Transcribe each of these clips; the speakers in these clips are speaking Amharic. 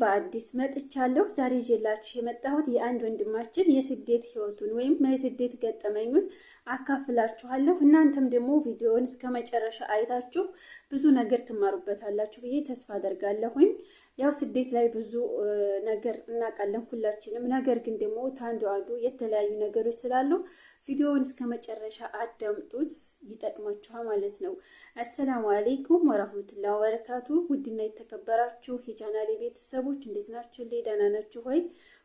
በአዲስ መጥቻለሁ። ዛሬ ይዤላችሁ የመጣሁት የአንድ ወንድማችን የስደት ህይወቱን ወይም የስደት ገጠመኙን አካፍላችኋለሁ። እናንተም ደግሞ ቪዲዮውን እስከ መጨረሻ አይታችሁ ብዙ ነገር ትማሩበታላችሁ ብዬ ተስፋ አደርጋለሁኝ። ያው ስደት ላይ ብዙ ነገር እናውቃለን ሁላችንም። ነገር ግን ደግሞ ታንዱ አንዱ የተለያዩ ነገሮች ስላሉ ቪዲዮውን እስከ መጨረሻ አዳምጡት፣ ይጠቅማችኋል ማለት ነው። አሰላሙ አሌይኩም ወራህመቱላ ወበረካቱ። ውድና የተከበራችሁ የቻናሌ ቤተሰቦች እንዴት ናችሁ? ደህና ናችሁ ሆይ?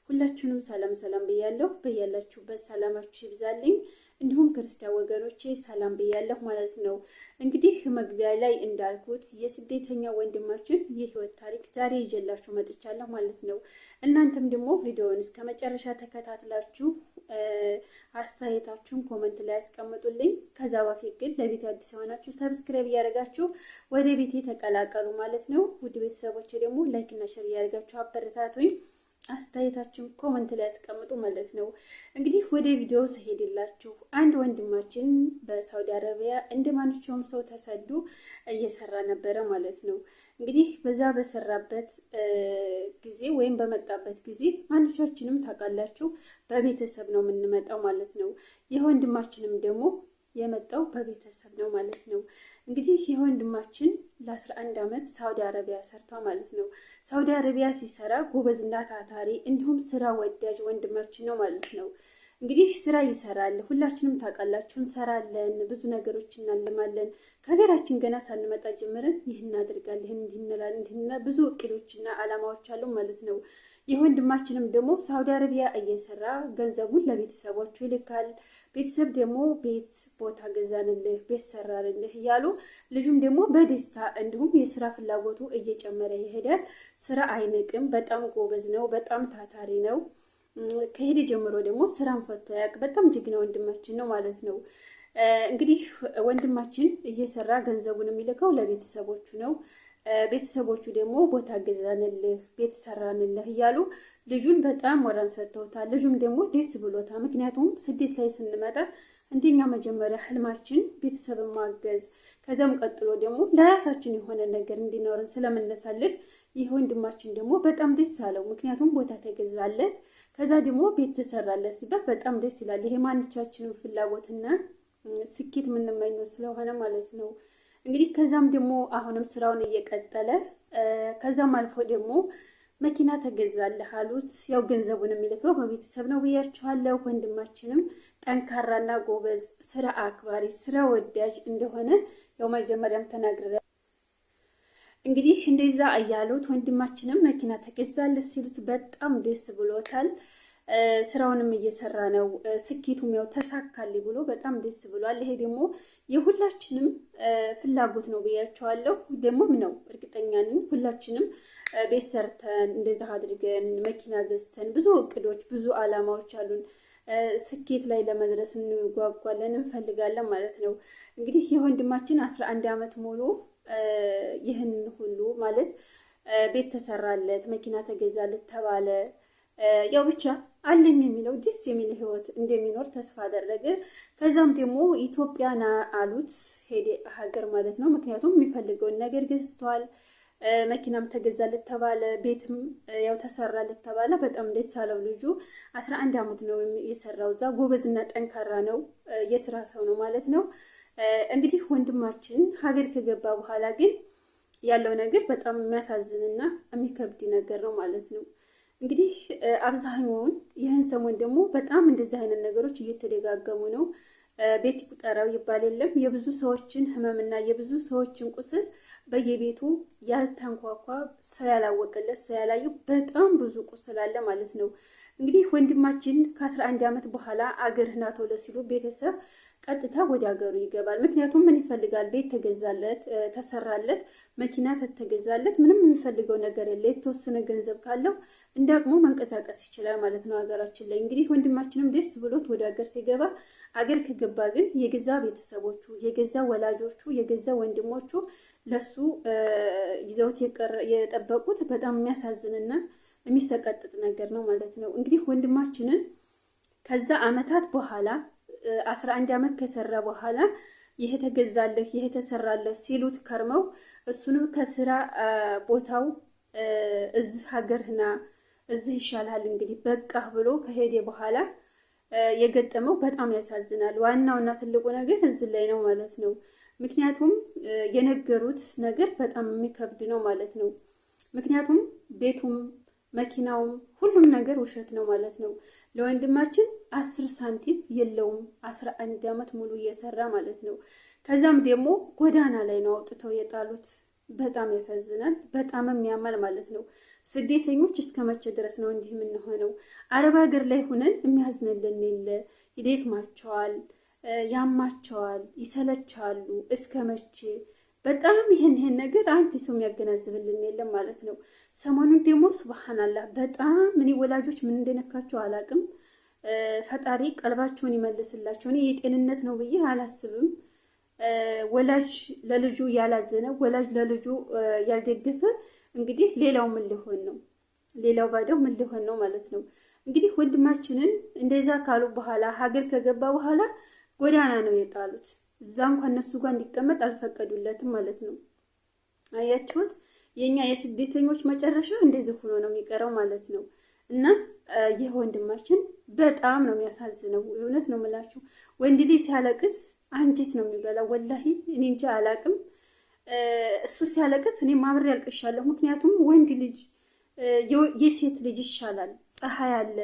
ሁላችሁንም ሰላም ሰላም ብያለሁ። በያላችሁበት ሰላማችሁ ይብዛልኝ። እንዲሁም ክርስቲያን ወገኖቼ ሰላም ብያለሁ ማለት ነው። እንግዲህ መግቢያ ላይ እንዳልኩት የስደተኛ ወንድማችን የህይወት ታሪክ ዛሬ ይዤላችሁ መጥቻለሁ ማለት ነው። እናንተም ደግሞ ቪዲዮውን እስከ መጨረሻ ተከታትላችሁ አስተያየታችሁን ኮመንት ላይ ያስቀምጡልኝ። ከዛ በፊት ግን ለቤት አዲስ የሆናችሁ ሰብስክራይብ እያደረጋችሁ ወደ ቤቴ ተቀላቀሉ ማለት ነው። ውድ ቤተሰቦች ደግሞ ላይክና ሸር እያደረጋችሁ አበረታቱኝ። አስተያየታችሁን ኮመንት ላይ ያስቀምጡ ማለት ነው። እንግዲህ ወደ ቪዲዮ ስሄድላችሁ አንድ ወንድማችን በሳውዲ አረቢያ እንደማንቸውም ሰው ተሰዱ እየሰራ ነበረ ማለት ነው። እንግዲህ በዛ በሰራበት ጊዜ ወይም በመጣበት ጊዜ ማንቻችንም ታውቃላችሁ በቤተሰብ ነው የምንመጣው ማለት ነው። ይህ ወንድማችንም ደግሞ የመጣው በቤተሰብ ነው ማለት ነው። እንግዲህ ይህ ወንድማችን ለ11 ዓመት ሳውዲ አረቢያ ሰርቷ ማለት ነው። ሳውዲ አረቢያ ሲሰራ ጎበዝና ታታሪ እንዲሁም ስራ ወዳጅ ወንድማችን ነው ማለት ነው። እንግዲህ ስራ ይሰራል። ሁላችንም ታውቃላችሁ፣ እንሰራለን፣ ብዙ ነገሮች እናልማለን። ከሀገራችን ገና ሳንመጣ ጀምረን ይህ እናደርጋለን፣ ይህን እንድንላል እንድንላ ብዙ እቅዶችና አላማዎች አሉ ማለት ነው። የወንድማችንም ደግሞ ሳውዲ አረቢያ እየሰራ ገንዘቡን ለቤተሰቦቹ ይልካል። ቤተሰብ ደግሞ ቤት ቦታ ገዛንልህ፣ ቤት ሰራንልህ እያሉ ልጁም ደግሞ በደስታ እንዲሁም የስራ ፍላጎቱ እየጨመረ ይሄዳል። ስራ አይንቅም። በጣም ጎበዝ ነው። በጣም ታታሪ ነው። ከሄደ ጀምሮ ደግሞ ስራን ፈቶ ያውቅ በጣም ጀግና ወንድማችን ነው ማለት ነው። እንግዲህ ወንድማችን እየሰራ ገንዘቡን የሚልከው ለቤተሰቦቹ ነው። ቤተሰቦቹ ደግሞ ቦታ ገዛንልህ ቤት ሰራንልህ እያሉ ልጁን በጣም ወራን ሰጥተውታል። ልጁም ደግሞ ደስ ብሎታል። ምክንያቱም ስደት ላይ ስንመጣ እንደኛ መጀመሪያ ህልማችን ቤተሰብን ማገዝ፣ ከዚያም ቀጥሎ ደግሞ ለራሳችን የሆነ ነገር እንዲኖረን ስለምንፈልግ ይህ ወንድማችን ደግሞ በጣም ደስ አለው። ምክንያቱም ቦታ ተገዛለት፣ ከዛ ደግሞ ቤት ተሰራለት ሲባል በጣም ደስ ይላል። ይሄ ማንቻችንም ፍላጎትና ስኬት የምንመኘው ስለሆነ ማለት ነው። እንግዲህ ከዛም ደግሞ አሁንም ስራውን እየቀጠለ ከዛም አልፎ ደግሞ መኪና ተገዛልህ አሉት። ያው ገንዘቡን የሚልከው በቤተሰብ ነው ብያችኋለሁ። ወንድማችንም ጠንካራና ጎበዝ፣ ስራ አክባሪ፣ ስራ ወዳጅ እንደሆነ ያው መጀመሪያም ተናግረ እንግዲህ እንደዛ እያሉት ወንድማችንም መኪና ተገዛልህ ሲሉት በጣም ደስ ብሎታል። ስራውንም እየሰራ ነው። ስኬቱም ያው ተሳካል ብሎ በጣም ደስ ብሏል። ይሄ ደግሞ የሁላችንም ፍላጎት ነው ብያቸዋለሁ። ደግሞም ነው እርግጠኛ ነኝ ሁላችንም ቤት ሰርተን እንደዛ አድርገን መኪና ገዝተን ብዙ እቅዶች፣ ብዙ አላማዎች አሉን። ስኬት ላይ ለመድረስ እንጓጓለን፣ እንፈልጋለን ማለት ነው። እንግዲህ የወንድማችን አስራ አንድ ዓመት ሙሉ ይህን ሁሉ ማለት ቤት ተሰራለት፣ መኪና ተገዛለት ተባለ ያው ብቻ አለኝ የሚለው ደስ የሚል ህይወት እንደሚኖር ተስፋ አደረገ። ከዛም ደግሞ ኢትዮጵያን አሉት ሄደ ሀገር ማለት ነው። ምክንያቱም የሚፈልገውን ነገር ገዝቷል። መኪናም ተገዛ ልተባለ ቤትም ያው ተሰራ ልተባለ በጣም ደስ አለው ልጁ። አስራ አንድ አመት ነው የሰራው እዛ። ጎበዝና ጠንካራ ነው፣ የስራ ሰው ነው ማለት ነው። እንግዲህ ወንድማችን ሀገር ከገባ በኋላ ግን ያለው ነገር በጣም የሚያሳዝንና የሚከብድ ነገር ነው ማለት ነው። እንግዲህ አብዛኛውን ይህን ሰሞን ደግሞ በጣም እንደዚህ አይነት ነገሮች እየተደጋገሙ ነው። ቤት ቁጠራው ይባል የለም የብዙ ሰዎችን ህመምና የብዙ ሰዎችን ቁስል በየቤቱ ያልተንኳኳ ሰው ያላወቀለት ሰው ያላየው በጣም ብዙ ቁስል አለ ማለት ነው። እንግዲህ ወንድማችን ከ11 ዓመት በኋላ አገር ናት ሲሉ ቤተሰብ ቀጥታ ወደ አገሩ ይገባል። ምክንያቱም ምን ይፈልጋል? ቤት ተገዛለት፣ ተሰራለት፣ መኪና ተተገዛለት፣ ምንም የሚፈልገው ነገር የለ። የተወሰነ ገንዘብ ካለው እንደ አቅሙ መንቀሳቀስ ይችላል ማለት ነው ሀገራችን ላይ። እንግዲህ ወንድማችንም ደስ ብሎት ወደ ሀገር ሲገባ፣ አገር ከገባ ግን የገዛ ቤተሰቦቹ፣ የገዛ ወላጆቹ፣ የገዛ ወንድሞቹ ለሱ ይዘውት የጠበቁት በጣም የሚያሳዝንና የሚሰቀጥጥ ነገር ነው ማለት ነው። እንግዲህ ወንድማችንን ከዛ አመታት በኋላ አስራ አንድ አመት ከሰራ በኋላ ይሄ ተገዛለህ ይሄ ተሰራለህ ሲሉት ከርመው እሱንም ከስራ ቦታው እዚህ ሀገርህና እዚህ ይሻላል እንግዲህ በቃህ ብሎ ከሄደ በኋላ የገጠመው በጣም ያሳዝናል። ዋናውና ትልቁ ነገር እዚህ ላይ ነው ማለት ነው። ምክንያቱም የነገሩት ነገር በጣም የሚከብድ ነው ማለት ነው። ምክንያቱም ቤቱም መኪናውም ሁሉም ነገር ውሸት ነው ማለት ነው። ለወንድማችን አስር ሳንቲም የለውም። አስራ አንድ ዓመት ሙሉ እየሰራ ማለት ነው። ከዛም ደግሞ ጎዳና ላይ ነው አውጥተው የጣሉት። በጣም ያሳዝናል። በጣምም ያማል ማለት ነው። ስደተኞች እስከ መቼ ድረስ ነው እንዲህ የምንሆነው? አረብ ሀገር ላይ ሁነን የሚያዝንልን የለ። ይደክማቸዋል፣ ያማቸዋል፣ ይሰለቻሉ። እስከ መቼ በጣም ይህን ይህን ነገር አንድ ሰው የሚያገናዝብልን የለም ማለት ነው። ሰሞኑን ደግሞ ሱብሃናላህ በጣም እኔ ወላጆች ምን እንደነካቸው አላቅም። ፈጣሪ ቀልባቸውን ይመልስላቸው። እኔ የጤንነት ነው ብዬ አላስብም። ወላጅ ለልጁ ያላዘነ ወላጅ ለልጁ ያልደገፈ እንግዲህ ሌላው ምን ሊሆን ነው? ሌላው ባደው ምን ሊሆን ነው ማለት ነው። እንግዲህ ወንድማችንን እንደዛ ካሉ በኋላ ሀገር ከገባ በኋላ ጎዳና ነው የጣሉት። እዛ እንኳን እነሱ ጋር እንዲቀመጥ አልፈቀዱለትም ማለት ነው። አያችሁት? የኛ የስደተኞች መጨረሻ እንደዚህ ሆኖ ነው የሚቀረው ማለት ነው። እና ይህ ወንድማችን በጣም ነው የሚያሳዝነው። እውነት ነው የምላችሁ፣ ወንድ ልጅ ሲያለቅስ አንጀት ነው የሚበላው። ወላሂ እኔ እንጂ አላቅም። እሱ ሲያለቅስ እኔ ማብሬ ያልቅሻለሁ። ምክንያቱም ወንድ ልጅ የሴት ልጅ ይሻላል። ፀሐይ አለ፣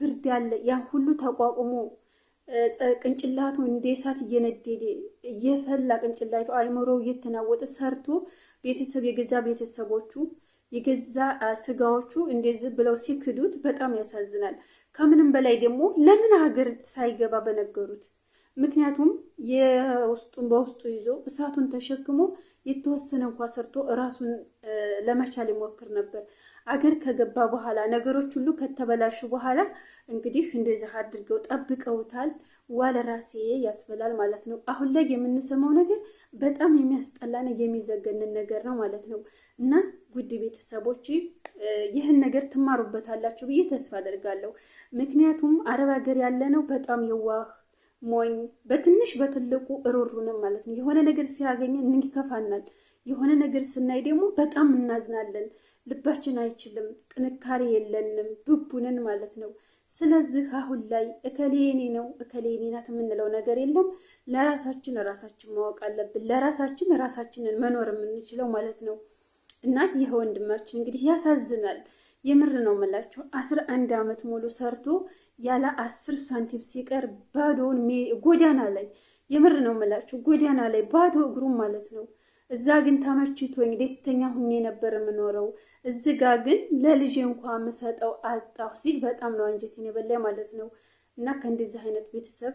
ብርድ አለ፣ ያ ሁሉ ተቋቁሞ ቅንጭላቱ እንደ እሳት እየነደደ እየፈላ ቅንጭላቱ አይምሮው እየተናወጠ ሰርቶ ቤተሰብ የገዛ ቤተሰቦቹ የገዛ ስጋዎቹ እንደዚህ ብለው ሲክዱት በጣም ያሳዝናል። ከምንም በላይ ደግሞ ለምን ሀገር ሳይገባ በነገሩት ምክንያቱም የውስጡን በውስጡ ይዞ እሳቱን ተሸክሞ የተወሰነ እንኳ ሰርቶ እራሱን ለመቻል ይሞክር ነበር። አገር ከገባ በኋላ ነገሮች ሁሉ ከተበላሹ በኋላ እንግዲህ እንደዚህ አድርገው ጠብቀውታል። ዋለ ራሴ ያስበላል ማለት ነው። አሁን ላይ የምንሰማው ነገር በጣም የሚያስጠላን የሚዘገንን ነገር ነው ማለት ነው። እና ውድ ቤተሰቦች ይህን ነገር ትማሩበታላችሁ ብዬ ተስፋ አደርጋለሁ። ምክንያቱም አረብ ሀገር ያለ ነው በጣም የዋህ ሞኝ በትንሽ በትልቁ እሩሩንም ማለት ነው። የሆነ ነገር ሲያገኘን እንከፋናል። የሆነ ነገር ስናይ ደግሞ በጣም እናዝናለን። ልባችን አይችልም፣ ጥንካሬ የለንም፣ ብቡንን ማለት ነው። ስለዚህ አሁን ላይ እከሌኔ ነው እከሌኔ ናት የምንለው ነገር የለም። ለራሳችን ራሳችን ማወቅ አለብን። ለራሳችን ራሳችንን መኖር የምንችለው ማለት ነው። እና ይህ ወንድማችን እንግዲህ ያሳዝናል። የምር ነው የምላችሁ። አስራ አንድ አመት ሙሉ ሰርቶ ያለ አስር ሳንቲም ሲቀር ባዶውን ጎዳና ላይ የምር ነው የምላችሁ፣ ጎዳና ላይ ባዶ እግሩም ማለት ነው። እዛ ግን ተመችቶኝ ደስተኛ ሁኜ ነበር የምኖረው። እዚ ጋ ግን ለልጅ እንኳ የምሰጠው አጣሁ ሲል በጣም ነው አንጀቴን የበላ ማለት ነው። እና ከእንደዚህ አይነት ቤተሰብ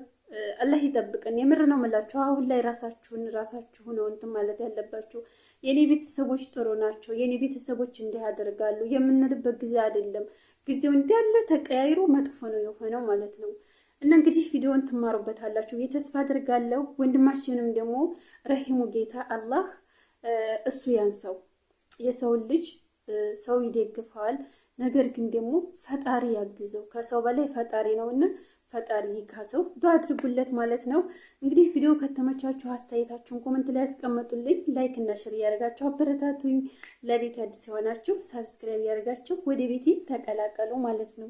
አላህ ይጠብቀን። የምር ነው የምላችሁ። አሁን ላይ ራሳችሁን ራሳችሁ ነው እንትን ማለት ያለባችሁ። የኔ ቤተሰቦች ጥሩ ናቸው፣ የኔ ቤተሰቦች እንዲህ ያደርጋሉ የምንልበት ጊዜ አይደለም። ጊዜው እንዳለ ተቀያይሮ መጥፎ ነው የሆነው ማለት ነው። እና እንግዲህ ቪዲዮን ትማሩበታላችሁ የተስፋ አድርጋለሁ። ወንድማችንም ደግሞ ረሂሙ ጌታ አላህ እሱ ያንሰው። የሰውን ልጅ ሰው ይደግፈዋል፣ ነገር ግን ደግሞ ፈጣሪ ያግዘው። ከሰው በላይ ፈጣሪ ነውና ፈጣሪ ካሰው ዱአ አድርጉለት ማለት ነው። እንግዲህ ቪዲዮ ከተመቻችሁ አስተያየታችሁን ኮመንት ላይ ያስቀምጡልኝ። ላይክ እና ሼር እያደረጋችሁ አበረታቱኝ። ለቤት አዲስ የሆናችሁ ሰብስክራይብ እያደረጋችሁ ወደ ቤቴ ተቀላቀሉ ማለት ነው።